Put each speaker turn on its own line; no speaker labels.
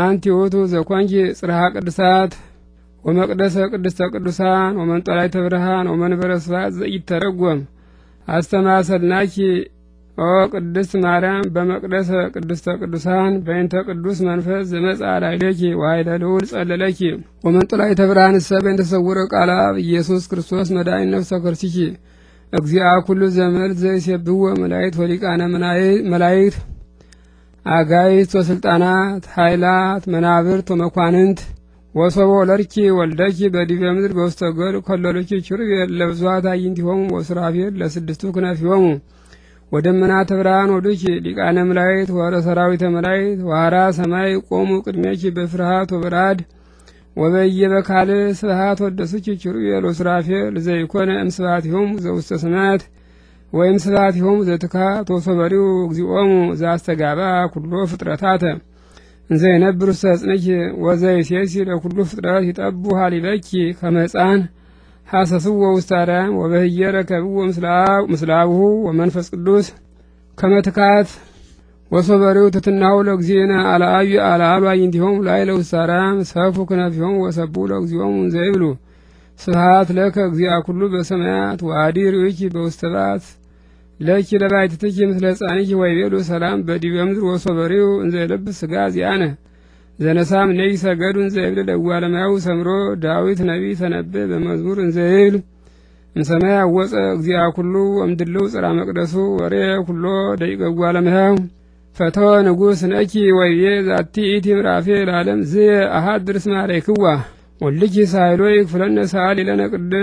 አንቲ ውእቱ ዘኮንኪ ጽርሐ ቅዱሳት ወመቅደሰ ቅድስተ ቅዱሳን ወመንጦላዕተ ብርሃን ወመንበረ ስብሐት ዘኢተረጎም አስተማሰልናኪ ኦ ቅድስት ማርያም በመቅደሰ ቅድስተ ቅዱሳን በእንተ ቅዱስ መንፈስ ዘመጻ ላዕሌኪ ዋይለ ልዑል ጸለለኪ ወመንጦላዕተ ብርሃን እሰ በእንተ ተሰውረ ቃለ ኢየሱስ ክርስቶስ መድኃኒነ ነፍሰ ከርሲኪ እግዚአ ኩሉ ዘመድ ዘይሴብህዎ መላይት ወሊቃነ መላይት አጋይት ወስልጣናት ኃይላት መናብርት ወመኳንንት ወሶበ ለርኪ ወልደኪ በዲበ ምድር በውስተ ገድ ከለሎኪ ኪሩቤል ለብዙኃት አዕይንቲሆሙ ወሱራፌል ለስድስቱ ክነፊሆሙ ወደመና ተብርሃን ወዱኪ ሊቃነ መላእክት ወረ ሰራዊተ መላእክት ዋራ ሰማይ ቆሙ ቅድሜኪ በፍርሃት ወብራድ ወበየ በካል ስብሃት ወደሱኪ ኪሩቤል ወሱራፌል እምስባት እምስብሐቲሆሙ ዘውስተ ሰማያት ወይም ስላቲሆሙ ዘትካ ተሶበሪው እግዚኦሙ ዘአስተጋባ ኩሎ ፍጥረታተ እንዘ የነብሩ ሰጽንኪ ወዘይሴሲ ለኩሉ ፍጥረት ይጠቡ ሀሊበኪ ከመጻን ሐሰስዎ ውስተ አርያም ወበህየረ ከብዎ ወመንፈስ ቅዱስ ከመትካት ወሶበሪው ትትናሁ ለእግዚእነ አልአዩ አልአሉ አዕይንቲሆሙ ላዕለ ውስተ ሰፉ ክነፊሆሙ ወሰብሑ ለእግዚኦሙ እንዘ ይብሉ ስብሐት ለከ እግዚአ ኩሉ በሰማያት ወአዲ ርእይኪ በውስተ ለኪ ለባይትትኪ ምስለ ወይ ቤሉ ሰላም በዲበ ምድር ወሶበሪው እንዘ የለብስ ሥጋ ዚአነ ዘነሳም ነይ ሰገዱ እንዘ ይብል ለዋለማያው ሰምሮ ዳዊት ነቢ ተነበ በመዝሙር እንዘ ይብል እምሰማይ አወፀ እግዚአ ኩሉ ወምድልው ጽራ መቅደሱ ወሬ ኩሎ ደቂቀ ዋለማያው ፈቶ ንጉስ ነኪ ወይ ዛቲ ኢቲ ምራፌ ለዓለም ዝየ አሃድ ድርስማሬክዋ ወልኪ ሳይሎ ይክፍለነ ሰዓል ይለነ ቅዱስ